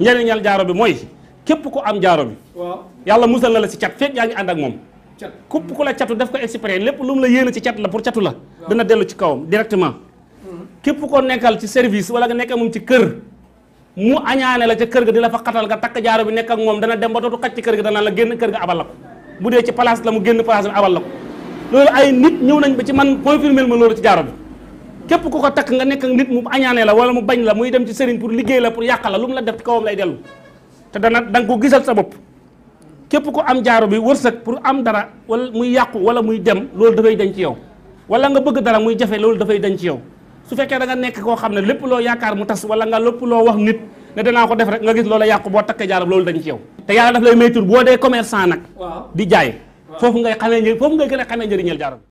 njëriñal jaaro bi mooy képp ku am jaaro bi yàlla musal na la si cat fekk yaa ngi ànd ak moom képp ku la catu def ko exprès lépp lu mu la yéene ci cat la pour catu la dana dellu ci kawam directement mm-hmm. képp ko nekkal ci service wala nga nekkee moom ci kër mu añaane la ca kër ga di la fa xatal nga takk jaaro bi nekk ak moom dana dem ba dootu xaj ci kër ga dana la génn kër ga abal la ko bu dee ci place la mu génn place bi abal la ko loolu ay nit ñëw nañ ba ci man confirmer ma loolu ci jaaro bi képp ku ko takk nga nekk ak nit mu añaane la wala mu bañ la muy dem ci sëriñ pour liggéey la pour yàq la lu mu la def ci kawam lay dellu te dana danga nga ko gisal sa bopp képp ku am jaaro bi wërsëg pour am dara wala muy yàqu wala muy dem loolu dafay dañ ci yow wala nga bëgg dara muy jafe loolu dafay dañ ci yow su fekkee da nga nekk koo xam ne lépp loo yaakaar mu tas wala nga lépp loo wax nit ne danaa ko def rek nga gis loola yàqu boo takkee ja loolu dañ yow te yàlla daf lay may dee commerçant nag di jaay foofu ngay xamee njëriñ foofu ngay gën a xamee njëriñal bi